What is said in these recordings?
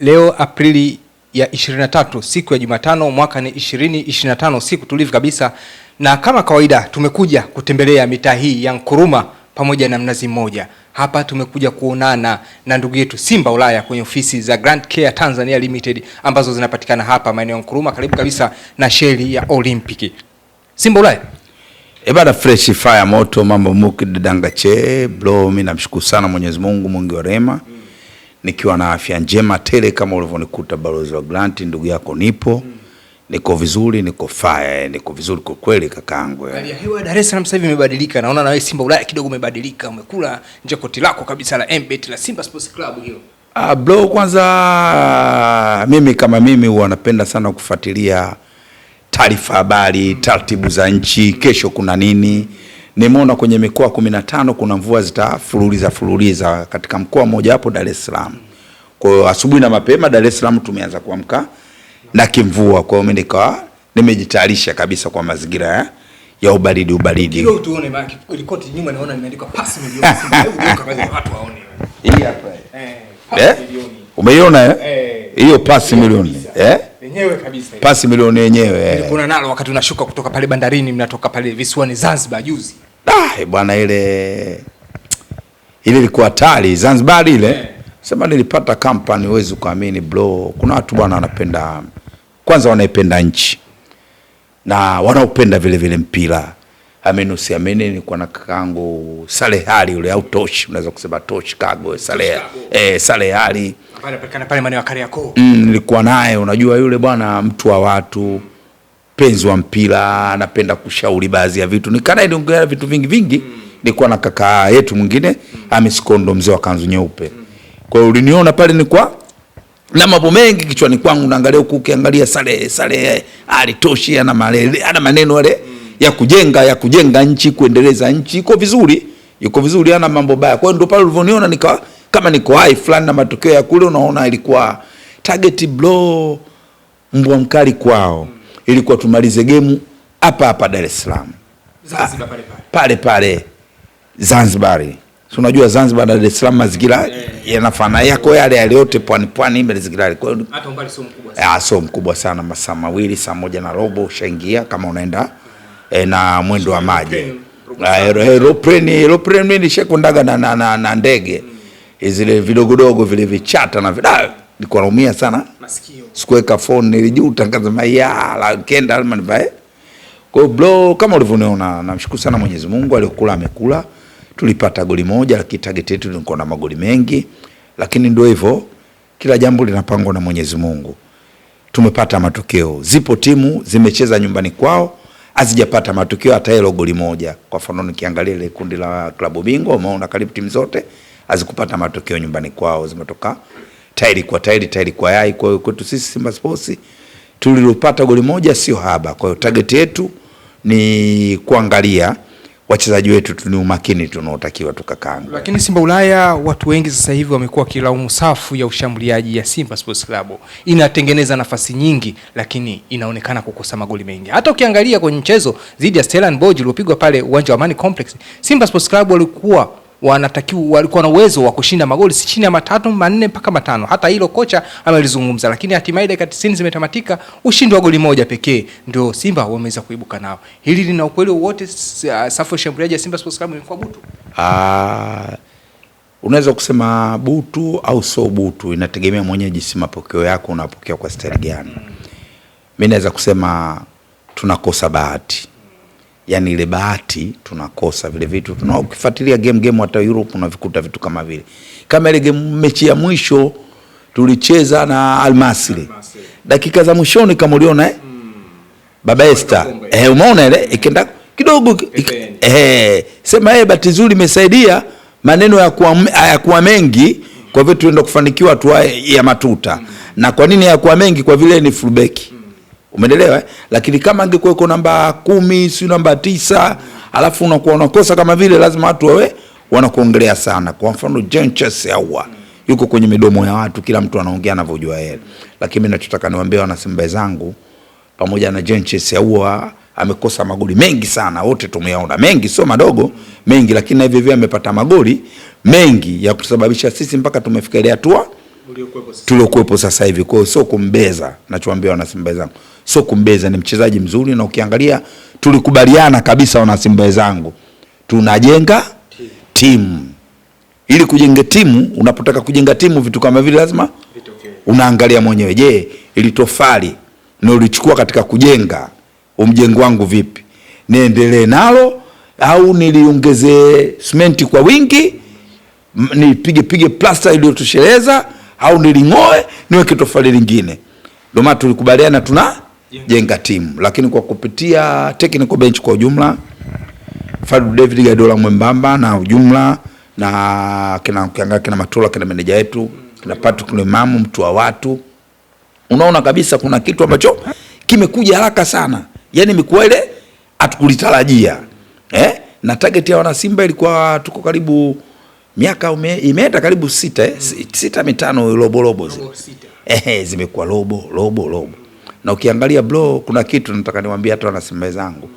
Leo Aprili ya 23 siku ya Jumatano, mwaka ni 2025, siku tulivu kabisa, na kama kawaida tumekuja kutembelea mitaa hii ya Nkuruma pamoja na Mnazi Mmoja. Hapa tumekuja kuonana na ndugu yetu Simba Ulaya kwenye ofisi za Grand Care Tanzania Limited ambazo zinapatikana hapa maeneo ya Nkuruma, karibu kabisa na sheli ya Olympic. Simba Ulaya Ebada fresh fire moto mambo muki dadangache bro, mimi namshukuru sana Mwenyezi Mungu mwingi wa rehema mm nikiwa na afya njema tele kama ulivyonikuta balozi wa Grant, ndugu yako nipo Niko vizuri, niko faya, niko vizuri kwa kweli kakaangu. Eh. Hali ya hewa Dar es Salaam sasa hivi imebadilika, naona na wewe Simba Ulaya kidogo umebadilika, umekula nje koti lako kabisa la Mbet la Simba Sports Club hilo. Ah, bro, kwanza mimi kama mimi huwa napenda sana kufuatilia taarifa, habari, taratibu za nchi, kesho kuna nini nimeona kwenye mikoa kumi na tano kuna mvua zitafululiza fululiza katika mkoa mmoja hapo Dar es Salaam. Kwa hiyo asubuhi na mapema Dar es Salaam tumeanza kuamka na kimvua. Kwa hiyo mimi nikawa nimejitayarisha kabisa kwa mazingira ya eh, ya ubaridi ubaridi. Leo tuone maki ripoti nyuma naona imeandikwa pasi milioni. Hebu watu waone. Hii hapa. Eh. eh? Umeiona eh? eh? Hiyo pasi milioni. Eh? yenyewe kabisa, pasi milioni yenyewe eh. nilikuwa nalo wakati unashuka kutoka pale bandarini, mnatoka pale visiwani Zanzibar juzi. Ah eh, bwana, ile ile ilikuwa hatari Zanzibar ile yeah. Sema nilipata company, huwezi kuamini bro. Kuna watu bwana wanapenda kwanza, wanaipenda nchi na wanaopenda vile vile mpira amini usiamini, nilikuwa na kakaangu Saleh Ali yule au Tosh, unaweza kusema Tosh Kago Saleh eh, Saleh Ali pale pale maeneo ya Kariakoo mm, nilikuwa naye. Unajua yule bwana mtu wa watu, penzi wa mpira, anapenda kushauri baadhi ya vitu, nikana niliongea vitu vingi vingi mm. Nilikuwa na kaka yetu mwingine mm. Hamis Kondo, mzee wa kanzu nyeupe mm. Kwa hiyo uliniona pale nilikuwa na mambo mengi kichwani kwangu, naangalia huku, ukiangalia Saleh Saleh Ali Toshi, ana maneno yale ya kujenga ya kujenga nchi, kuendeleza nchi, iko vizuri, iko vizuri, ana mambo baya. Kwa hiyo ndio pale ulivyoniona nika kama niko hai fulani, na matokeo ya kule unaona ilikuwa target blow, mbwa mkali kwao, ilikuwa tumalize gemu hapa hapa Dar es Salaam pale pale Zanzibar. Si unajua Zanzibar na Dar es Salaam mazingira eh, eh, eh. yanafanana, yako yale yale yote, pwani pwani, mazingira yale. Kwa hiyo hata umbali sio mkubwa ah, sana, ah, sio mkubwa sana, masaa mawili, saa moja na robo ushaingia kama unaenda e, na mwendo wa maji aeroplane. Aeroplane mimi nishakondaga na, na, na, na ndege hmm. eh, zile vidogodogo vile vichata na vida nilikuwa naumia sana masikio, sikuweka phone, nilijuta nikasema ya la kenda alma nivae kwa bro. Kama ulivyoniona, namshukuru sana Mwenyezi Mungu, aliyokula amekula. Tulipata goli moja, lakini target yetu ilikuwa na magoli mengi, lakini ndio hivyo, kila jambo linapangwa na Mwenyezi Mungu. Tumepata matokeo, zipo timu zimecheza nyumbani kwao hazijapata matukio hata hilo goli moja. Kwa mfano nikiangalia ile kundi la klabu bingwa, umeona karibu timu zote hazikupata matokeo nyumbani kwao, zimetoka tairi kwa tairi, tairi kwa yai. Kwa hiyo kwetu sisi Simba Sports tulilopata goli moja sio haba. Kwa hiyo target yetu ni kuangalia wachezaji wetu ni umakini tunaotakiwa tukakanga Lakini Simba Ulaya, watu wengi sasa hivi wamekuwa wakilaumu safu ya ushambuliaji ya Simba Sports Club, inatengeneza nafasi nyingi, lakini inaonekana kukosa magoli mengi. Hata ukiangalia kwenye mchezo dhidi ya Stellenbosch uliopigwa pale uwanja wa Amani Complex, Simba Sports Club walikuwa wanatakiwa walikuwa na uwezo wa kushinda magoli si chini ya matatu manne mpaka matano. Hata hilo kocha amelizungumza, lakini hatimaye dakika 90 zimetamatika, ushindi wa goli moja pekee ndio Simba wameweza kuibuka nao. Hili lina ukweli wote? Safu shambuliaji ya Simba Sports Club ilikuwa butu. Ah, unaweza kusema butu au sio butu, inategemea mwenyewe si mapokeo yako unapokea kwa staili gani. Mimi naweza kusema tunakosa bahati yani ile bahati tunakosa vile vitu tuna, ukifuatilia game game hata Europe unavikuta vitu kama vile kama ile game mechi ya mwisho tulicheza na Almasri dakika za mwishoni kama uliona eh? Mm. Baba Esther eh, umeona ile ikenda kidogo eh, sema eh, bahati nzuri imesaidia maneno ya kuwa, ya kuwa mengi kwa vile tuenda kufanikiwa tu ya matuta mm. na kwa nini ya kuwa mengi kwa vile ni fullback mm. Umeelewa eh? Lakini kama angekuweko namba kumi, si namba tisa, alafu unakuwa unakosa kama vile, lazima watu wawe wanakuongelea sana. Kwa mfano Jane Chelsea aua yuko kwenye midomo ya watu, kila mtu anaongea anavyojua yeye. Lakini mimi nachotaka niwaambie wana Simba zangu pamoja na Jane Chelsea aua amekosa magoli mengi sana, wote tumeyaona mengi, sio madogo, mengi. Lakini na hivyo hivyo amepata magoli mengi ya kusababisha sisi mpaka tumefikiria hatua tuliokuwepo sasa hivi. Kwa hiyo sio kumbeza, nachoambia wana Simba zangu sio kumbeza, ni mchezaji mzuri, na ukiangalia tulikubaliana kabisa, wana Simba wenzangu, tunajenga timu. Ili kujenga timu, unapotaka kujenga timu, vitu kama vile lazima unaangalia mwenyewe. Je, ili tofali ulichukua katika kujenga umjengo wangu vipi, niendelee nalo au niliongeze simenti kwa wingi, nipige pige plasta iliyotosheleza, au niling'oe niweke tofali lingine? Ndio maana tulikubaliana tuna jenga timu, lakini kwa kupitia technical bench kwa ujumla, Fadu David Gadola mwembamba na ujumla na kina kianga kina Matola kina meneja yetu kina Patrick Limamu, mtu wa watu, unaona kabisa kuna kitu ambacho kimekuja haraka sana, yani imekuwa ile hatukulitarajia eh? na target ya wana Simba ilikuwa tuko karibu miaka imeenda karibu sita eh? sita mitano robo robo eh, zimekuwa robo robo robo na ukiangalia bro, kuna kitu nataka niwaambie hata na Simba zangu.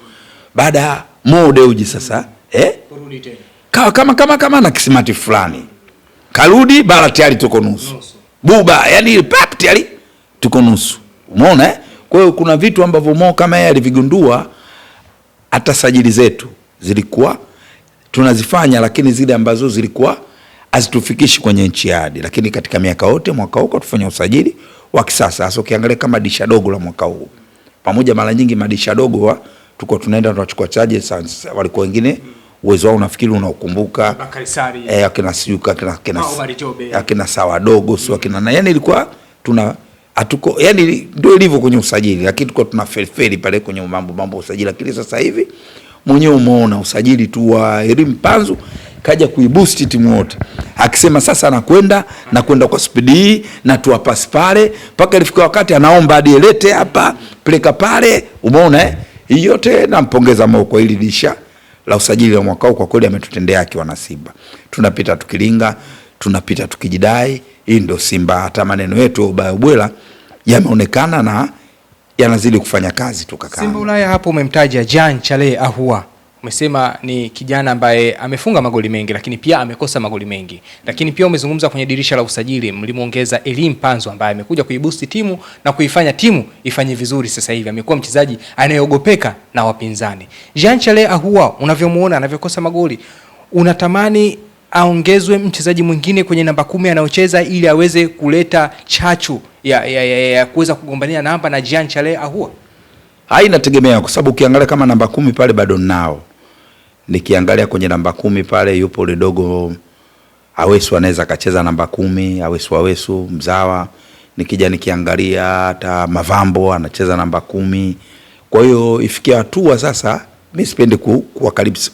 baada ya Mo Dewji sasa eh, kurudi tena kama kama kama, kama na kisimati fulani karudi bara tayari tuko nusu buba, yani pap tayari tuko nusu, umeona eh? Kwa hiyo kuna vitu ambavyo Mo kama yeye alivigundua, hata sajili zetu zilikuwa tunazifanya, lakini zile ambazo zilikuwa hazitufikishi kwenye nchi hadi, lakini katika miaka yote mwaka huko tufanya usajili wa kisasa, hasa ukiangalia kama dirisha dogo la mwaka huu pamoja, mara nyingi madirisha dogo tuko tunaenda tunachukua charges, walikuwa wengine uwezo wao unafikiri unaokumbuka eh, akina siuka akina akina, akina sawa dogo sio mm. akina na, yani yaani ilikuwa tuna atuko yani, ndio ilivyo kwenye usajili, lakini tuko tuna felfeli pale kwenye mambo mambo usajili, lakini sasa hivi mwenyewe umeona usajili tu wa elimu Panzu kaja kuiboost timu yote, akisema sasa anakwenda na kwenda kwa spidi hii na tuwapasi pale, mpaka ilifika wakati anaomba adielete hapa peleka pale. Umeona eh, hii yote nampongeza Mo kwa hili disha la usajili wa mwaka huu. Kwa kweli ametutendea haki wana Simba, tunapita tukilinga, tunapita tukijidai. Hii ndio Simba, hata maneno yetu ubaya ubwela yameonekana na yanazidi kufanya kazi tukakaa. Simba Ulaya hapo umemtaja Jean Chale Ahua umesema ni kijana ambaye amefunga magoli mengi lakini pia amekosa magoli mengi, lakini pia umezungumza kwenye dirisha la usajili, mlimwongeza Elim Panzo ambaye amekuja kuibusti timu na kuifanya timu ifanye vizuri. Sasa hivi amekuwa mchezaji anayeogopeka na wapinzani. Jean Chale Ahua unavyomuona anavyokosa magoli, unatamani aongezwe mchezaji mwingine kwenye namba kumi anayocheza ili aweze kuleta chachu ya, ya, ya, ya ya kuweza kugombania namba na Jean Chale Ahua Hai, inategemea kwa sababu ukiangalia kama namba kumi pale bado nao nikiangalia kwenye namba kumi pale yupo lidogo Awesu, anaweza akacheza namba kumi, Awesu Awesu mzawa. Nikija nikiangalia hata Mavambo anacheza namba kumi. Kwa hiyo ifikia hatua sasa, mi sipendi ku,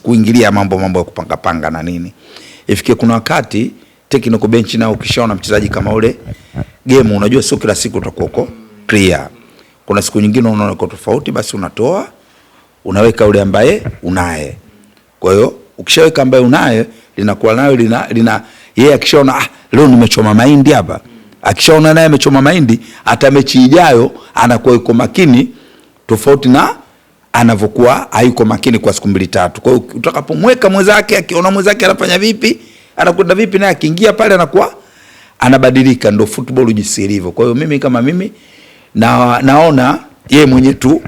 kuingilia mambo mambo ya kupangapanga na nini. Ifikie kuna wakati technical bench nao ukishaona mchezaji kama ule game, unajua sio kila siku utakuwa uko clear. Kuna siku nyingine unaona uko tofauti, basi unatoa unaweka ule ambaye unaye kwa hiyo ukishaweka ambayo unayo linakuwa nayo lina, lina yeye akishaona ah, leo nimechoma mahindi hapa. Akishaona naye amechoma mahindi, hata mechi ijayo anakuwa yuko makini tofauti na anavyokuwa hayuko makini kwa siku mbili tatu. Kwa hiyo utakapomweka mwenzake, akiona mwenzake anafanya vipi, anakwenda vipi, naye akiingia pale anakuwa anabadilika. Ndio football jinsi ilivyo. Kwa hiyo mimi kama mimi na, naona yeye mwenye tu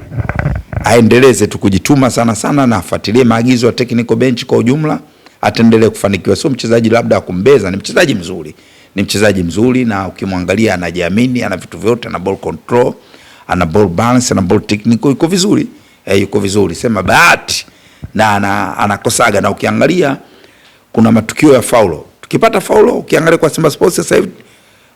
aendeleze tu kujituma sana sana na afuatilie maagizo ya technical bench kwa ujumla, ataendelea kufanikiwa. Sio mchezaji labda akumbeza, ni mchezaji mzuri, ni mchezaji mzuri, na ukimwangalia anajiamini, ana vitu vyote, ana ball control, ana ball balance, ana ball technical, yuko vizuri eh, yuko vizuri, sema bahati na anakosaga na na ukiangalia kuna matukio ya faulo, tukipata faulo, ukiangalia kwa Simba Sports sasa hivi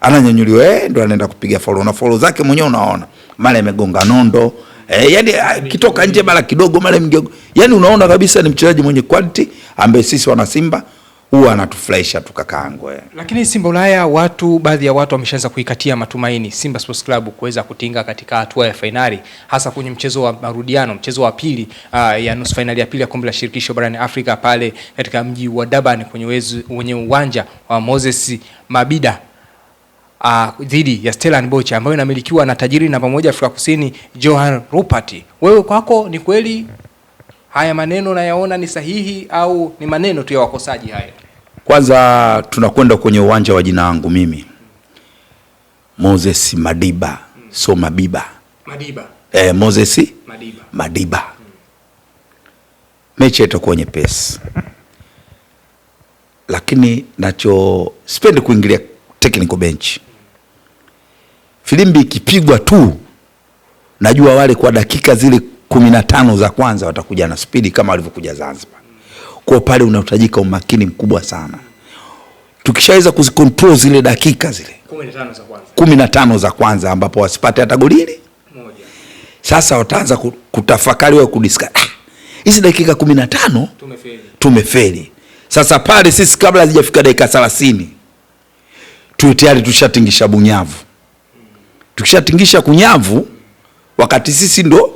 ananyanyuliwa, eh, ndo anaenda kupiga faulo na faulo zake mwenyewe unaona, mara amegonga nondo eh, yani ah, kitoka nje mara kidogo mara mgego, yani unaona kabisa ni mchezaji mwenye quality ambaye sisi wana Simba huwa anatufurahisha tukakaangwe. Eh. Lakini Simba Ulaya, watu baadhi ya watu wameshaanza kuikatia matumaini Simba Sports Club kuweza kutinga katika hatua ya fainali, hasa kwenye mchezo wa marudiano, mchezo wa pili uh, ya nusu fainali ya pili ya kombe la shirikisho barani Afrika pale katika mji wa Durban kwenye uwanja wa Moses Mabida uh, dhidi ya Stellenbosch ambayo inamilikiwa na tajiri namba moja Afrika Kusini Johan Rupert. Wewe kwako ni kweli haya maneno nayaona ni sahihi au ni maneno tu ya wakosaji haya? Kwanza tunakwenda kwenye uwanja wa jina langu mimi Moses Madiba, so Mabiba Madiba. Eh, Moses Madiba, Madiba. Hmm. Mechi itakuwa nyepesi, lakini nacho sipendi kuingilia technical bench Filimbi ikipigwa tu najua wale kwa dakika zile kumi na tano za kwanza watakuja na spidi kama walivyokuja Zanzibar. Kwa pale unahitajika umakini mkubwa sana. Tukishaweza kuzikontrol zile dakika zile kumi na tano za kwanza ambapo wasipate hata golini moja, sasa wataanza kutafakari wa kudiska ah, hizi dakika kumi na tano tumefeli, tumefeli. Sasa pale sisi kabla hazijafika dakika thelathini tu tayari tushatingisha bunyavu tukishatingisha kunyavu, wakati sisi ndo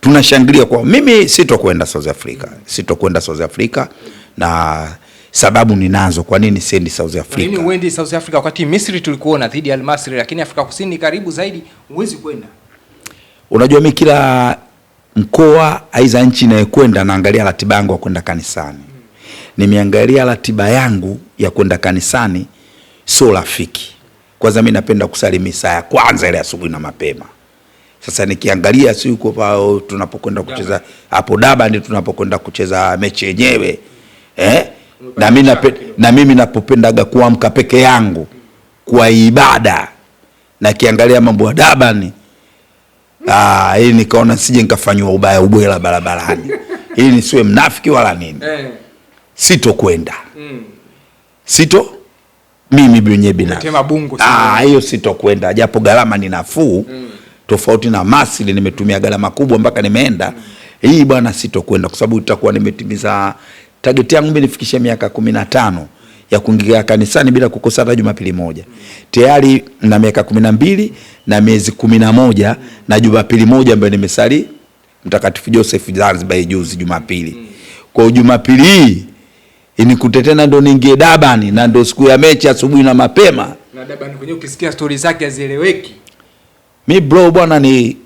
tunashangilia kwa Mimi sitokwenda South Africa, sitokwenda South Africa na sababu ninazo kwa nini siendi South Africa. Mimi uendi South Africa wakati Misri tulikuona dhidi ya Al masri lakini Afrika Kusini karibu zaidi, huwezi kwenda. Unajua, mimi kila mkoa aiza nchi inayokwenda naangalia ratiba yangu ya kwenda kanisani. Hmm. Nimeangalia ratiba yangu ya kwenda kanisani, sio rafiki kwanza mimi napenda kusali misa ya kwanza ile asubuhi na mapema. Sasa nikiangalia si uko pao tunapokwenda kucheza hapo Daba ndio tunapokwenda kucheza mechi yenyewe eh? Na mimi na mimi napopendaga kuamka peke yangu kwa ibada na kiangalia mambo ya Dabani ah, hii nikaona sije nikafanywa ubaya ubwela barabarani ni nisiwe mnafiki wala nini, eh. sitokwenda mm. sito mimi mwenyewe binafsi ah, hiyo sitokwenda, japo gharama ni nafuu mm. tofauti na Masili, nimetumia gharama kubwa mpaka nimeenda mm. Hii bwana, sitokwenda kwa sababu itakuwa nimetimiza target yangu mimi nifikishe miaka kumi na tano ya kuingia kanisani bila kukosa hata Jumapili moja. Tayari na miaka kumi na mbili na miezi kumi na moja na Jumapili moja ambayo nimesali Mtakatifu Joseph Zanzibar juzi Jumapili. Mm. Kwa Jumapili hii inikute tena ndo ningie Dabani na ndo siku ya mechi asubuhi na mapema. Na Dabani kwenye ukisikia stori zake hazieleweki. Mi bro bwana ni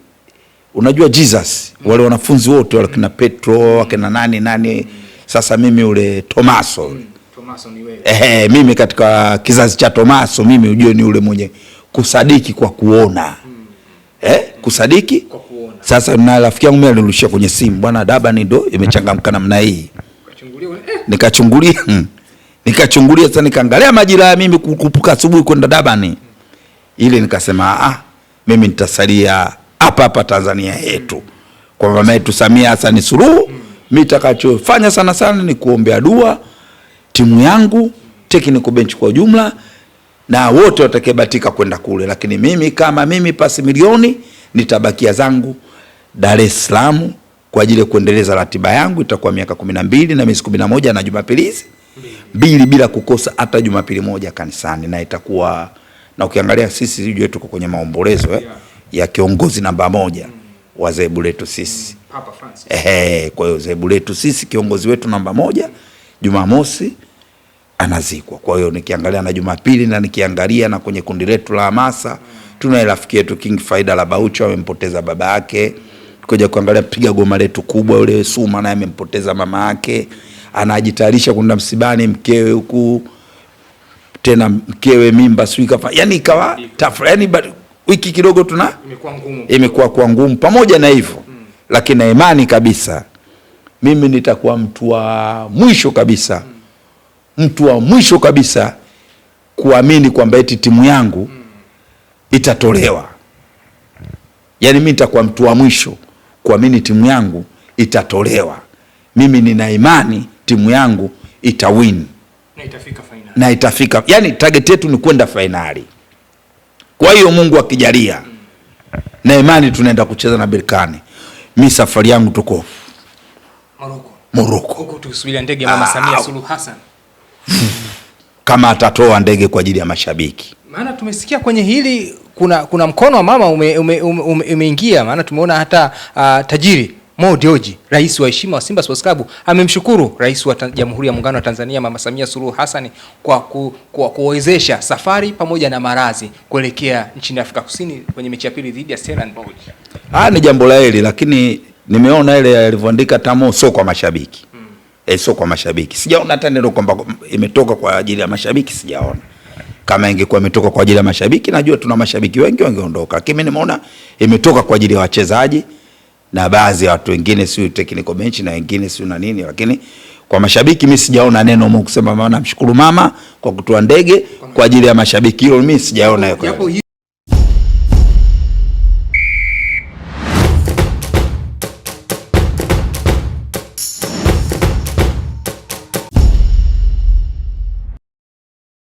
unajua Jesus mm. wale wanafunzi wote wale kina mm. Petro wakina mm. nani nani mm. Sasa mimi ule Tomaso mm. Tomaso ni wewe. Eh, mimi katika kizazi cha Tomaso mimi ujue ni ule mwenye kusadiki kwa kuona mm. eh, kusadiki kwa kuona. Sasa na rafiki yangu mimi alirushia kwenye simu, bwana Dabani ndo imechangamka namna hii nikachungulia hmm. nikachungulia sasa, nikaangalia majira ya mimi kukupuka asubuhi kwenda Dabani ile, nikasema ah, mimi nitasalia hapa hapa Tanzania yetu kwa mama yetu Samia Hassan Suluhu. Hmm. Mimi nitakachofanya sana sana ni kuombea dua timu yangu, technical bench kwa ujumla, na wote watakebatika kwenda kule, lakini mimi kama mimi pasi milioni nitabakia zangu Dar es Salaam kwa ajili ya kuendeleza ratiba yangu, itakuwa miaka kumi na mbili na miezi kumi na moja na Jumapili mbili bila kukosa hata Jumapili moja kanisani, na itakuwa na ukiangalia sisi sijue tuko kwenye maombolezo eh, ya kiongozi namba moja wa zebu letu sisi Papa Francis. Ehe, kwa hiyo zebu letu sisi kiongozi wetu namba moja Jumamosi anazikwa. Kwa hiyo nikiangalia na Jumapili na nikiangalia na kwenye kundi letu la hamasa tunaye rafiki yetu King Faida la Baucho amempoteza baba yake. Tukija kuangalia mpiga goma letu kubwa yule Suma naye amempoteza mama yake, anajitayarisha kwenda msibani, mkewe huku tena mkewe mimba sio kafa, yani ikawa tafra, yani wiki kidogo tuna imekuwa ngumu, imekuwa kwa ngumu. Pamoja na hivyo hmm, lakini na imani kabisa mimi nitakuwa mtu wa mwisho kabisa hmm, mtu wa mwisho kabisa kuamini kwamba eti timu yangu hmm, itatolewa. Yani mimi nitakuwa mtu wa mwisho kuamini timu yangu itatolewa. Mimi nina imani timu yangu itawin na itafika fainali, na itafika yani, target yetu ni kwenda fainali. Kwa hiyo Mungu akijalia, mm. na imani tunaenda kucheza na Berkane. Mi safari yangu tuko Morocco, Morocco huko tukisubiria ndege mama Samia Suluhu Hassan kama atatoa ndege kwa ajili ya mashabiki, maana tumesikia kwenye hili kuna, kuna mkono wa mama umeingia ume, ume, ume maana tumeona hata uh, tajiri Mo Dewji, rais wa heshima wa Simba Sports Club, amemshukuru rais wa Jamhuri ya Muungano wa Tanzania Mama Samia Suluhu Hassan kwa kuwezesha safari pamoja na marazi kuelekea nchini Afrika Kusini kwenye mechi ya pili dhidi ya Ah, ni jambo la heri, lakini nimeona ile yalivyoandika Tamo sio kwa mashabiki hmm. E, sio kwa mashabiki, sijaona hata neno kwamba imetoka kwa ajili ya mashabiki, sijaona kama ingekuwa imetoka kwa ajili ya mashabiki, najua tuna mashabiki wengi wangeondoka, lakini nimeona imetoka kwa ajili ya wachezaji na baadhi ya watu wengine, sio technical bench na wengine sio na nini, lakini kwa mashabiki mimi sijaona neno mu kusema. Maana namshukuru mama kwa kutoa ndege kwa ajili ya mashabiki, hiyo mimi sijaona hiyo.